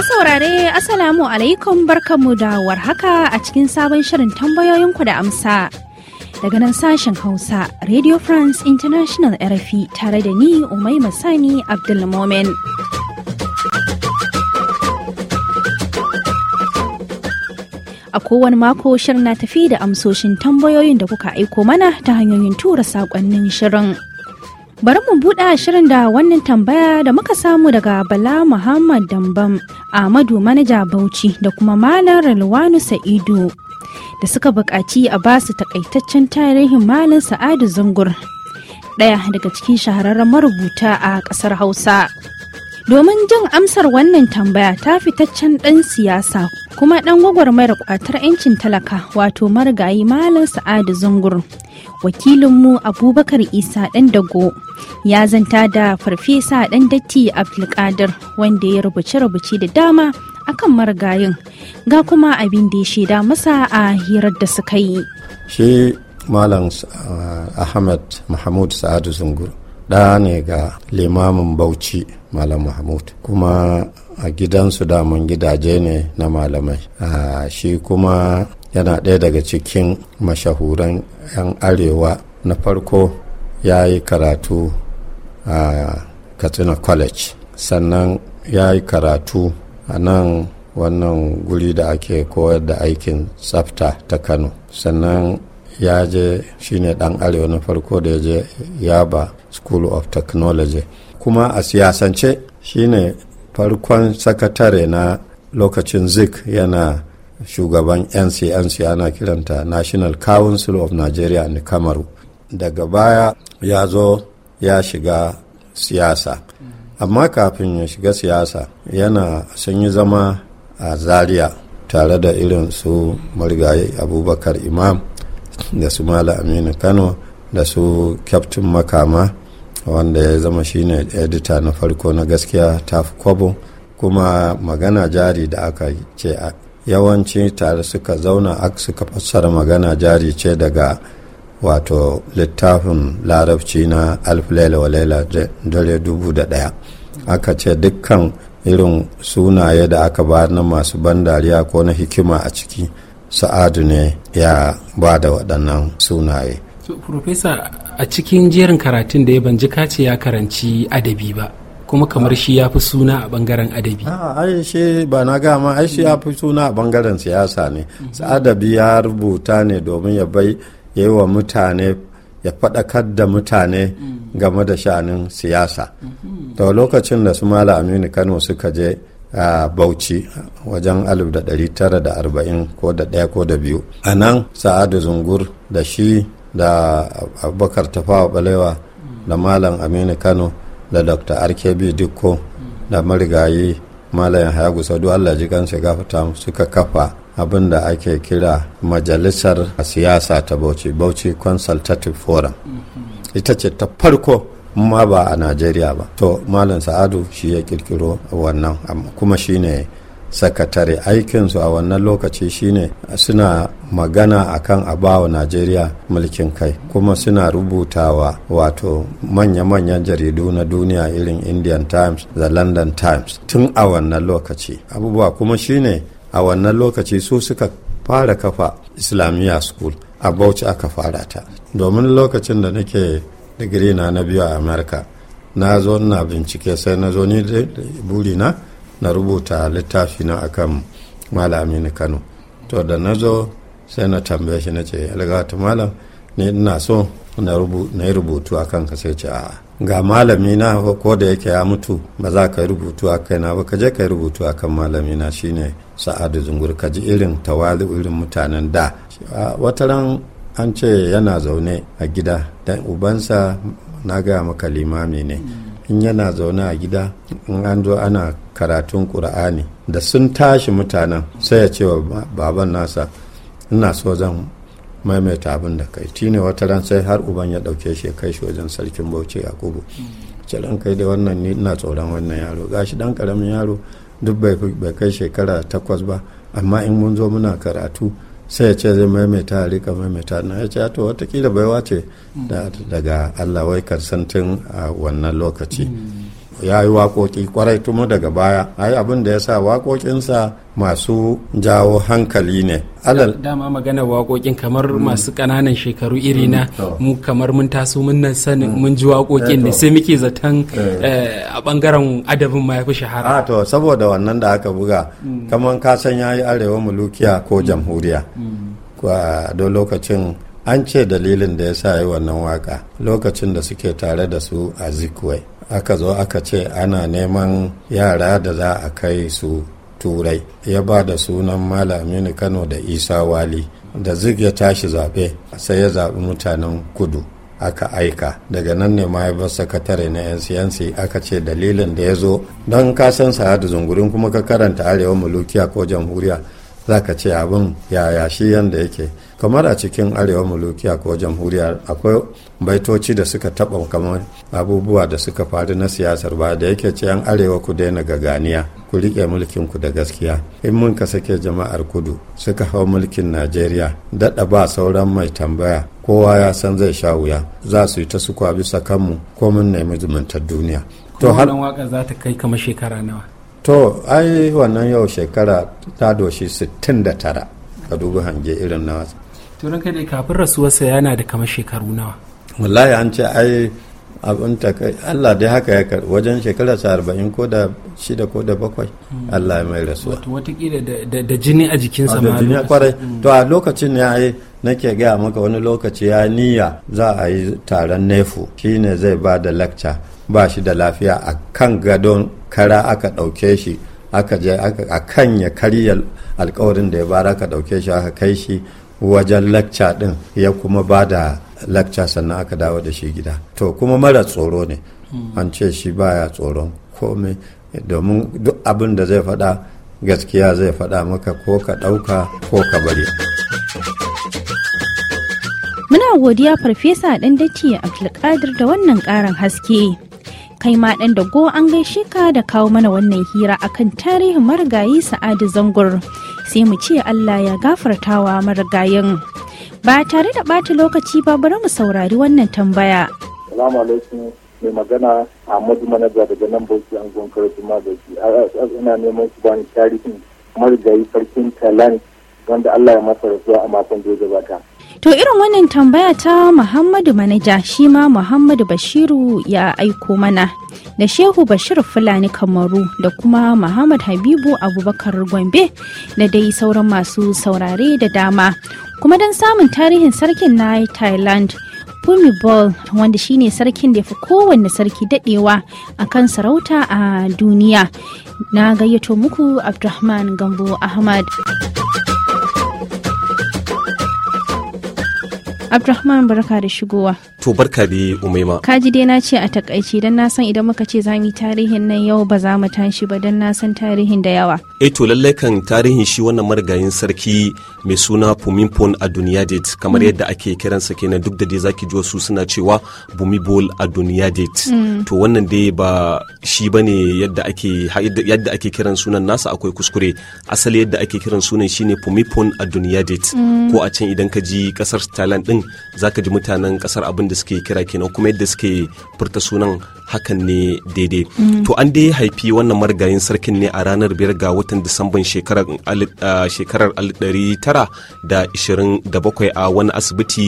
saurare asalamu alaikum barkanmu da warhaka a cikin sabon shirin tambayoyinku da amsa. Daga nan sashen Hausa, Radio France International RFI tare da ni Umai Masani Abdulmomen. A kowane mako shirin na tafi da amsoshin tambayoyin da kuka aiko mana ta hanyoyin tura saƙonnin shirin. Bari mu buɗe shirin da wannan tambaya da muka samu daga Bala Muhammad Dambam, Ahmadu Manaja Bauchi da kuma Malam Rilwanu Sa'idu. da suka buƙaci a ba su takaitaccen tarihin Malam sa'adu zungur ɗaya daga cikin shahararren marubuta a ƙasar hausa domin jin amsar wannan tambaya ta fitaccen ɗan siyasa kuma ɗan gwagwarmayar kwatar 'yancin talaka wato marigayi malam sa'adu zungur wakilinmu abubakar isa ɗan dago ya zanta da farfesa ɗan datti abdulkadir wanda ya rubuce-rubuce da dama akan marigayin ga kuma abin da ya shaida masa a hirar da suka yi shi malam ah, ahmad mahmud sa'adu zungur ɗa ne ga limamin bauchi malam mahmud kuma a gidansu damun gidaje ne na malamai shi kuma yana ɗaya daga cikin mashahuran 'yan arewa na farko ya yi karatu a katsina college sannan ya yi karatu a nan wannan guri da ake koyar da aikin tsafta ta kano sannan ya je shine dan arewa na farko da ya je yaba school of technology kuma a siyasance shine farkon sakatare na lokacin zik yana shugaban ncnc ana kiranta national council of nigeria and kamaru daga baya ya zo ya shiga siyasa amma kafin ya shiga siyasa yana sun yi zama a zaria tare da irin su marigayi abubakar imam da su mala aminu kano da su kyaftin makama wanda ya zama shine edita na farko na gaskiya ta kwabo kuma magana jari da aka ce a yawanci tare suka zauna suka fassara magana jari ce daga wato littafin larabci na alfilaila walaila dare dubu da daya aka ce dukkan irin sunaye da aka ba na masu ban dariya ko na hikima a ciki sa'adu ne ya ba da waɗannan sunaye. a cikin jerin karatun da ya ban ji kace ya karanci adabi ba kuma kamar shi ya fi suna a bangaren adabi ai shi ba na gama ai shi ya fi suna a bangaren siyasa ne adabi ya rubuta ne domin ya bai ya yi wa mutane ya faɗakar da mutane game da sha'anin siyasa to lokacin da su mala aminu kano suka je a bauchi wajen alif 1940 ko da ɗaya ko da biyu a nan sa'adu zungur da shi da abubakar tafawa balewa da malam aminu kano da dr rkb dukko da marigayi malam haya gusadu allah ji kansu gafata suka kafa abin da ake kira majalisar siyasa ta bauchi bauchi consultative forum ita ce ta farko ma ba a najeriya ba to malam sa'adu shi ya kirkiro wannan kuma shine sakatare aikinsu a wannan lokaci shine suna magana akan a bawa najeriya mulkin kai kuma suna rubutawa wato manya-manyan jaridu na duniya irin indian times da london times tun a wannan lokaci abubuwa kuma shine a wannan lokaci su suka fara kafa islamiyya school a bauchi aka fara ta domin lokacin da nake digiri na na biyu a amurka na zo na bincike sai na zo ni na. na rubuta littafi na akan malami kano to da na zo sai na tambaye shi na ce algata malam ne ina so na yi rubutu a kanka sai ce a ga malami na ko da yake ya mutu ba za ka yi rubutu a kaina ba ka je ka yi rubutu a kan malami na shine sa'adu zungur ka ji irin tawali irin mutanen da wata ran an ce yana zaune a gida dan ubansa na gaya maka limami ne in yana zaune a gida in an zo ana karatun ƙur'ani da sun tashi mutanen sai ya ce baban nasa ina so zan maimaita abin da kai tine wata ran sai har uban ya ɗauke shi kai shi wajen sarkin bauchi yakubu ce kai da wannan ni ina tsoron wannan yaro gashi dan karamin yaro duk bai kai shekara takwas ba amma in mun zo muna karatu sai ya ce zai maimaita a rika maimaita na ya ce to watakila baiwa ce daga allah wai karsantin a wannan lokaci mm. ya yi waƙoƙi kwarai tumu daga baya ai abin da ya sa waƙoƙinsa masu jawo hankali ne alal dama magana waƙoƙin kamar masu ƙananan shekaru iri na mm, mu kamar mun taso mun nan sanin mm. mun ji waƙoƙin ne eh, sai muke zaton eh. Eh, a ɓangaren adabin ma ya fi shahara a ah, to saboda wannan da aka buga mm. kamar ka san yi arewa mulukiya ko jamhuriya don lokacin an ce dalilin da ya sa yi wannan waka lokacin da suke tare da su a zikwai. aka zo aka ce ana neman yara da za a kai su turai ya ba da sunan malamini kano da isa wali da zig ya tashi zaɓe sai ya zaɓi mutanen kudu aka aika daga nan ne ma ya sakatare na yan siyansi aka ce dalilin da ya zo don kasan sa'adu zungurin kuma ka karanta arewa mulukiya ko jamhuriya za ka ce abin yaya shi yanda yake kamar a cikin arewa mulukiya ko jamhuriya akwai baitoci da suka taɓa kamar abubuwa da suka faru na siyasar ba da yake ce yan arewa ku daina gaganiya ku riƙe mulkin ku da gaskiya in mun ka sake jama'ar kudu suka hau mulkin najeriya daɗa ba sauran mai tambaya kowa ya san zai sha wuya za su yi ta suka bisa kanmu ko mun nemi zumuntar duniya to har waƙar za ta kai kamar shekara nawa to ai wannan yau shekara ta doshi 69 ka dubi hange irin na turin kai kafin rasuwarsa yana da kamar shekaru nawa wallahi an ce ai abin ta kai Allah dai haka ya kar wajen shekara sa arba'in ko da shida ko da bakwai hmm. Allah ya mai rasuwa wata watakila da jini a jikinsa ma da jini kwarai hmm. to a lokacin ya yi nake gaya maka wani lokaci ya niyya za a yi taron nefu shine zai ba da lecture ba shi da lafiya a kan gadon kara aka ɗauke shi aka je a kan ya karya alkawarin da ya bara aka ɗauke shi aka kai shi wajen lacca ɗin ya kuma ba da lacca sannan aka dawo da shi gida to kuma mara tsoro ne hmm. an ce shi baya tsoron komai domin duk abin da zai faɗa gaskiya zai faɗa maka ko ka ɗauka ko ka bari muna godiya farfesa ɗan dace abdulkadir da wannan ƙarin haske kai ma ɗan dago an gaishe ka da kawo mana wannan hira akan tarihin marigayi sa'adu zangur sai mu ce allah ya gafartawa marigayin ba tare da ɓata lokaci ba bari mu saurari wannan tambaya salamu alaikum mai magana amadu manaja daga nan bauchi an gon karatu da shi ina neman su bani tarihin marigayi sarkin talan wanda allah ya masa rasuwa a makon da ya gabata To irin wannan tambaya ta Muhammadu Manaja shi ma Muhammadu Bashiru ya aiko mana da Shehu Bashir Fulani Kamaru da kuma Muhammad Habibu Abubakar Gombe da dai sauran masu saurare da dama. Kuma don samun tarihin sarkin na Thailand. Bumi Ball wanda shine sarkin da ya fi kowanne sarki dadewa a kan sarauta a duniya. Na gayyato muku Abdulrahman Gambo Ahmad. Abdurrahman barka da shigowa. To barka da umaima. Kaji dai na ce a takaici dan na san idan muka ce za mu yi tarihin nan yau ba za mu tashi ba dan na san tarihin da yawa. eh to lallai kan tarihin shi wannan marigayin sarki mai suna pumipon a date kamar mm. yadda ake kiransa kenan duk da dai zaki ji wasu suna cewa Bumibol a date. Mm. To wannan dai ba shi bane yadda ake yadda ake kiran sunan nasa akwai kuskure asali yadda ake kiran sunan shine pumipon a date. Mm. ko a can idan ka ji kasar Thailand din za zaka ji mutanen kasar abin da suke kira kenan kuma yadda suke furta sunan hakan ne daidai mm. to an dai haifi wannan marigayin sarkin ne a ranar biyar ga watan disamban shekarar da bakwai. a wani asibiti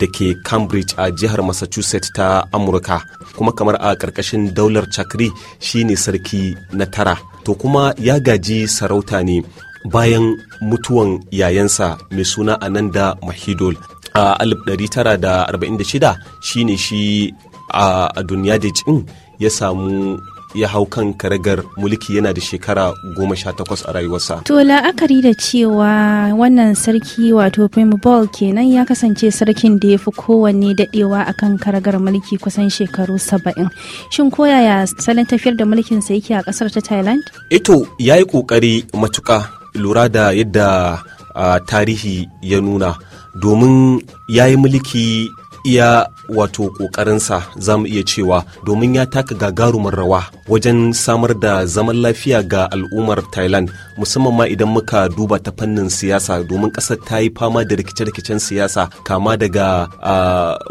da ke cambridge a jihar massachusetts ta amurka kuma kamar a ƙarƙashin daular chakri shine sarki na tara to kuma ya gaji sarauta ne bayan mutuwan yayansa mai suna ananda mahidol a 1946 shine shi a duniya da din ya samu ya hau kan karagar mulki yana da shekara goma sha takwas a rayuwarsa. To la'akari da cewa wannan sarki wato Ball kenan ya kasance sarkin da ya fi kowanne dadewa a kan karagar mulki kusan shekaru saba'in. Shin koyaya salon tafiyar da mulkinsa yake a kasar ta Thailand? Ito ya yi ƙoƙari matuka lura da yadda ah, tarihi ya nuna domin ya yi mulki iya wato kokarinsa za mu iya cewa domin ya taka gagarumin rawa wajen samar da zaman lafiya ga al'ummar thailand musamman ma idan muka duba ta fannin siyasa domin ƙasar ta yi fama da rikice-rikicen siyasa kama daga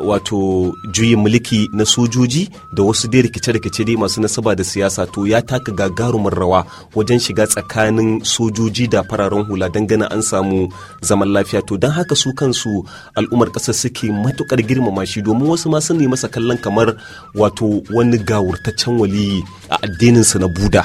wato juyin mulki na sojoji da wasu dai rikice-rikice dai masu nasaba da siyasa to ya taka gagarumin rawa wajen shiga tsakanin sojoji da fararen hula don ganin an samu zaman lafiya to don haka su kansu al'ummar ƙasar suke matukar girmama shi domin wasu ma sun masa kallon kamar wato wani gawurtaccen waliyi a addininsa na buda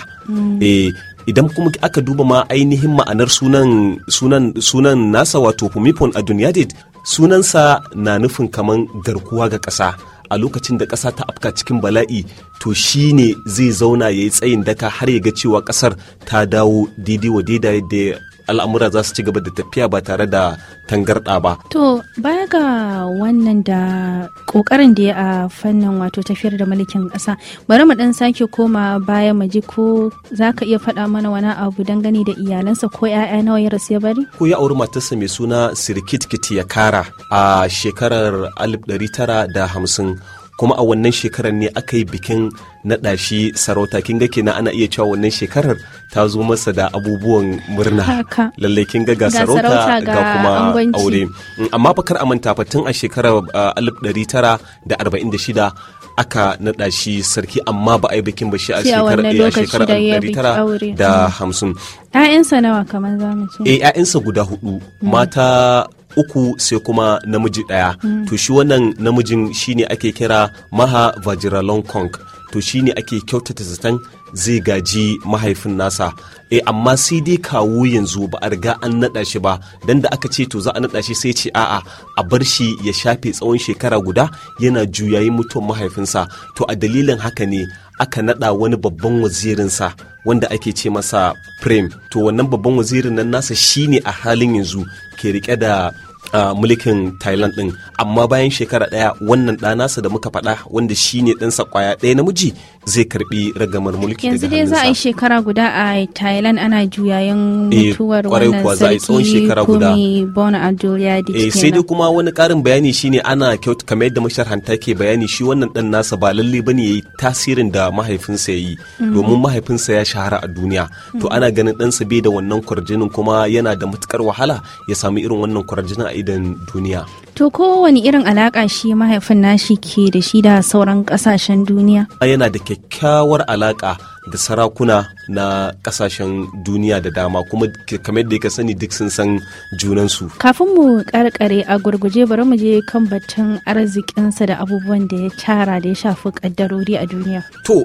eh, idan kuma aka duba ma ainihin ma'anar sunan nasa wato pumipon a duniyadid sunansa na nufin kamar garkuwa ga ƙasa a lokacin da ƙasa ta afka cikin bala'i to shi ne zai zauna ya yi tsayin daka har ya ga cewa ƙasar ta dawo daidai wa daidai da al'amura za su ci gaba da tafiya ba tare da tangarɗa ba. To baya ga wannan da ƙoƙarin da ya a fannin wato tafiyar da mulkin ƙasa bari mu ɗan sake koma baya mu ji ko za ka iya faɗa mana wani abu dangane da iyalansa ko 'ya'ya nawa ya rasu ya bari? Ko ya auri matarsa mai suna Sirikit Kitiyakara a shekarar alif ɗari tara da hamsin. kuma a wannan shekarar ne aka yi bikin naɗa shi sarauta kin ga kenan ana iya cewa wannan shekarar ta zo masa da abubuwan murna lalle kin ga ga sarauta ga kuma aure mm, amma bakar amanta fa tun a shekarar 1946 uh, aka naɗa shi sarki amma ba a yi bikin ba shi a shekarar 1950 eh, 'ya'yansa nawa kamar zamu ce eh 'ya'yansa guda hudu mm. mata uku sai kuma namiji ɗaya mm. to shi wannan namijin shine ake kira maha vajiralon kong to shine ake kyautata zaton zai gaji mahaifin nasa e amma sai dai kawo yanzu ba a riga an naɗa shi ba don da aka ce to za a naɗa shi sai ce a'a a bar shi ya shafe tsawon shekara guda yana juyayi mutuwar mahaifinsa to a dalilin haka ne aka naɗa wani babban wazirinsa wanda ake ce masa prem to wannan babban wazirin nan nasa shine a halin yanzu ke rike da mulkin thailand din amma bayan shekara daya wannan ɗa nasa da muka faɗa wanda shi ne ɗansa kwaya ɗaya namiji zai karbi ragamar mulki yanzu dai za a shekara guda a thailand ana juyayen eh, mutuwar wannan sarki kumi bona adulyadi eh, sai dai kuma wani ƙarin bayani shine ana kyautu kamar yadda masharhanta ke bayani shi wannan ɗan nasa ba lalle bane yayi tasirin da mahaifinsa yayi mhm. domin mahaifinsa ya shahara a duniya to mhm. ana ganin ɗansa bai da wannan kwarjinin kuma yana da matukar wahala ya samu irin wannan kwarjinin a idan duniya to kowane irin alaƙa shi mahaifin nashi ke da shi da sauran ƙasashen duniya yana da kyakkyawar alaƙa da sarakuna na ƙasashen duniya da dama kuma kamar da ka sani duk sun san junansu kafin mu karkare a gurguje bari mu je kan batun arzikinsa da abubuwan da ya tara da ya shafi ƙaddarori a duniya to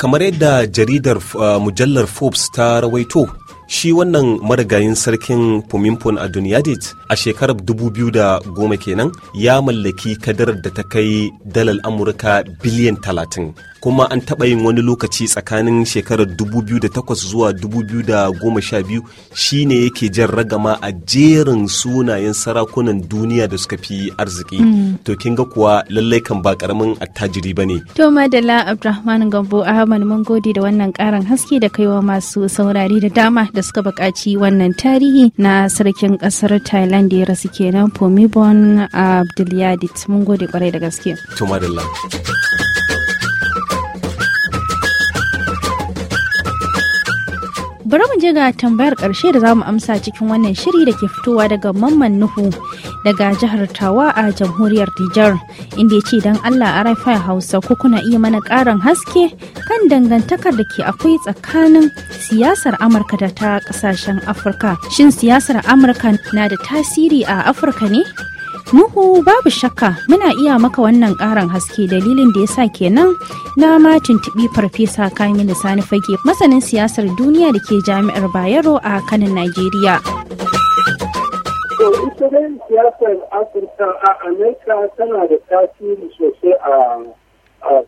kamar yadda jaridar mujallar forbes ta rawaito shi wannan marigayin sarkin pumimpun a Duniyadit a shekarar dubu biyu da goma kenan ya mallaki kadar da ta kai dalar Amurka biliyan talatin. kuma an taɓa yin wani lokaci tsakanin shekarar 2008 zuwa 2012 ne yake jan ragama a jerin sunayen sarakunan duniya da suka fi arziki mm. to kin ga kuwa lallai kan ba karamin attajiri ba ne to madalla abdurrahman gambo ahmad mun gode da wannan karan haske da kaiwa masu saurari da dama da suka buƙaci wannan tarihi na sarkin ƙasar thailand da ya rasu kenan pomibon abdulyadit mun gode kwarai da gaske to madalla bari mu je ga tambayar ƙarshe da zamu amsa cikin wannan shiri da ke fitowa daga mamman nuhu daga jihar tawa a jamhuriyar Nijar inda ya ce don allah a rafa hausa ko kuna iya mana ƙarin haske kan dangantakar da ke akwai tsakanin siyasar amurka da ta kasashen afirka shin siyasar amurka na da tasiri a afirka ne Nuhu babu shakka muna iya maka wannan ƙarin haske dalilin da ya sa kenan na ma tuntuɓi Farfesa Kamilu Sani Fage masanin siyasar duniya da ke jami'ar Bayero a kanin Najeriya. To siyasar Afirka a Amerika tana da tasiri sosai a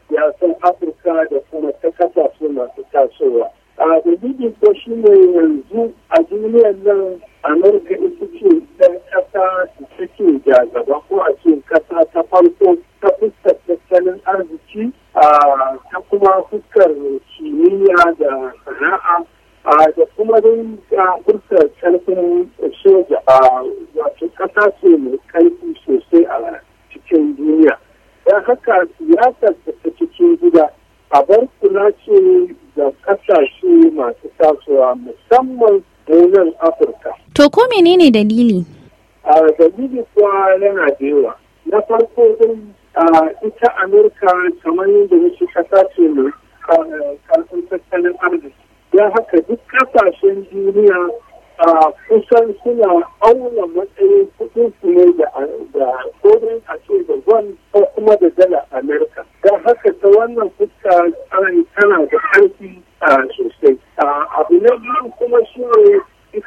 siyasar Afirka da kuma ta kasashe masu tasowa. a dalilin ko shi ne yanzu a duniyar nan amurka ita ce ɗan ƙasa da take da gaba ko a ce ƙasa ta farko ta fuskar tattalin arziki a ta kuma fuskar kimiyya da sana'a da kuma dai fuskar ƙarfin soja wato ƙasa ce mai menene dalili? a dalili kuwa yana da yawa na farko din ita amurka kamar yadda wasu kasa ce mai karfin tattalin arziki Ya haka duk kasashen duniya kusan suna auna matsayin kudin su ne da kodin a ce da zuwan ko kuma da dala amurka Ya haka ta wannan fuska tana da karfi sosai abu na biyu kuma shi ne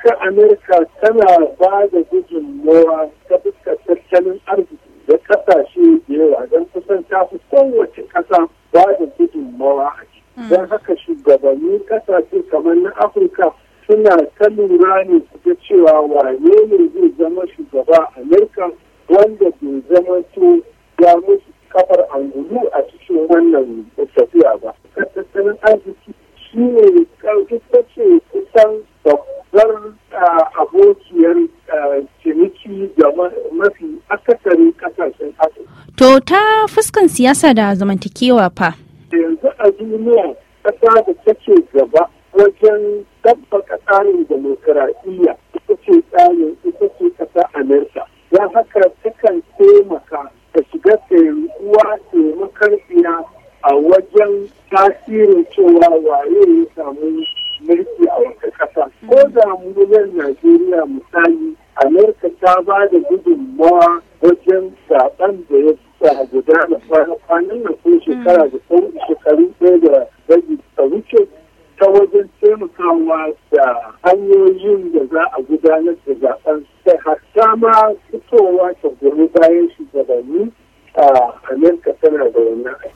ita amurka tana ba da gudunmawa ta fuskar tattalin arziki da kasashe da yawa don kusan ta fi kowace kasa ba da gudunmawa a hmm. don haka shugabanni kasashe kamar na afirka suna ta lura ne su ga cewa wane ne zai zama shugaba amurka wanda bai zama siyasa da zamantakewa fa. Yanzu a duniya ƙasa da take gaba wajen tabbaka tsarin demokaraɗiyya ita ce tsarin ita ce ƙasa Amerika. za haka takan taimaka ta shiga taimakuwa taimakar tsiya a wajen tasirin cewa waye ya samu mulki a wata ƙasa. Ko da mu nan Najeriya misali Amerika ta ba da gudunmawa wajen zaben da ya guda da kwanan nan ko shekara da tsawon shekaru ɗaya da rage ta wuce ta wajen taimakawa da hanyoyin da za a gudanar da zaben sai hatta ma fitowa ta gobe bayan shugabanni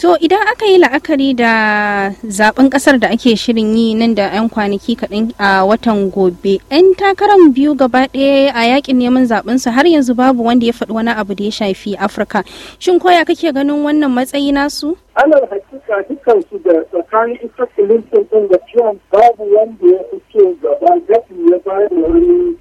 To idan aka yi la'akari da zaben kasar da ake shirin yi nan da 'yan kwanaki kaɗan a watan gobe, 'yan takarar biyu gaba ɗaya a yakin neman zaben har yanzu babu wanda ya faɗi wani abu da ya shafi Afirka. Shin koya kake ganin wannan matsayi nasu? Ana hakika dukkan da tsakanin ita Clinton ɗin da Trump babu wanda ya fito gaba gafi ya bayar da wani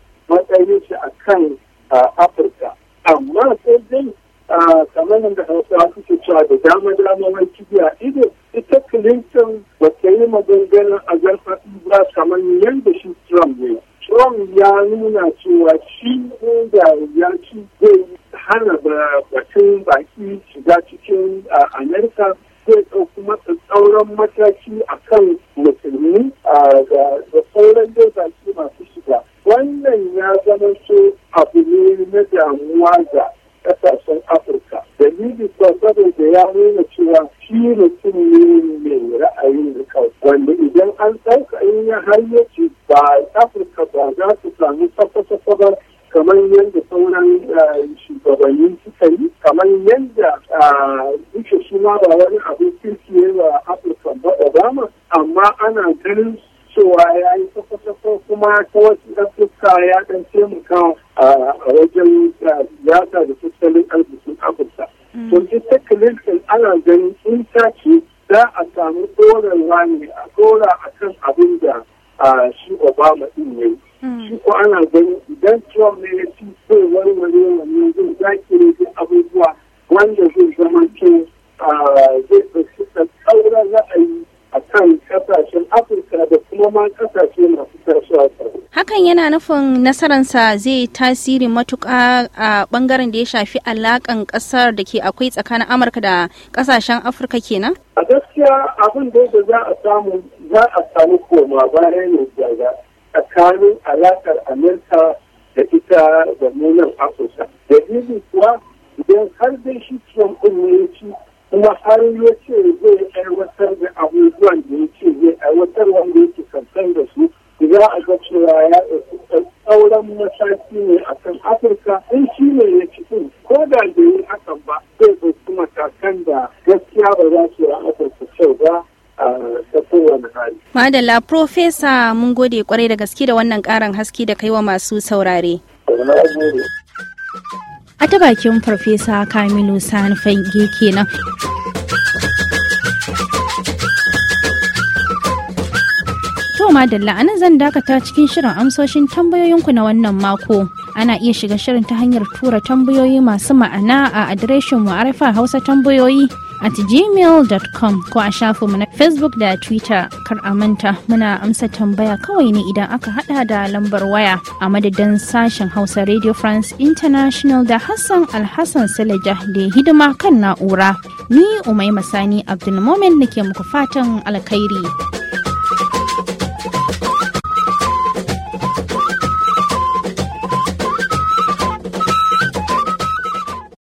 waza kasashen afirka a kuwa saboda ya nuna cewa shi mutum ne mai ra'ayin rikau wanda idan an ɗauka in ya har ya ce ba afirka ba za su sami sakwa ba kamar yadda sauran shugabanni suka yi kamar yadda duka shi ma ba wani abin kirkiye wa afirka ba obama amma ana ganin cewa ya yi sakwa kuma ta wasu ɗan fuska ya ɗan taimaka a wajen a kan abin da shi obama din ne yi hmm. shi ko ana gani idan trump ne ya ci so warware wannan zai ne zai abubuwa wanda zai zama ce zai da tsaura ra'ayi a kan kasashen afirka da kuma ma kasashe masu tasowa hakan yana nufin nasararsa zai tasiri matuƙa a bangaren da ya shafi alaƙan ƙasar da ke akwai tsakanin amurka da ƙasashen afirka kenan a gaskiya abin da za a samu za a samu koma baya ne gaga tsakanin alakar amurka da ita da nunan afirka dalili kuwa idan har zai shi ciwon kuma ya kuma har ya ce zai aiwatar da abubuwan da ya ce zai aiwatar wanda yake kankan da su za a ga cewa ya tsauran mataki ne a kan afirka in shi ne ya ci ko da bai yi hakan ba zai kuma matakan da gaskiya ba za su yi afirka kyau ba Madalla Profesa mun gode kwarai da gaske da wannan ƙaran haske da kai wa masu saurare. A ta bakin Farfesa Kamilu Sani Fage kenan. To madalla anan zan dakata cikin shirin amsoshin tambayoyinku na wannan mako. ana iya shiga shirin ta hanyar tura tambayoyi masu ma'ana a adireshin mu hausa tambayoyi at gmail.com ko a shafin mu na facebook da twitter kar a manta muna amsa tambaya kawai ne idan aka hada da lambar waya a madadin sashen hausa radio france international da hassan alhassan salaja da hidima kan na'ura ni umaima sani abdulmomin nake muku fatan alkhairi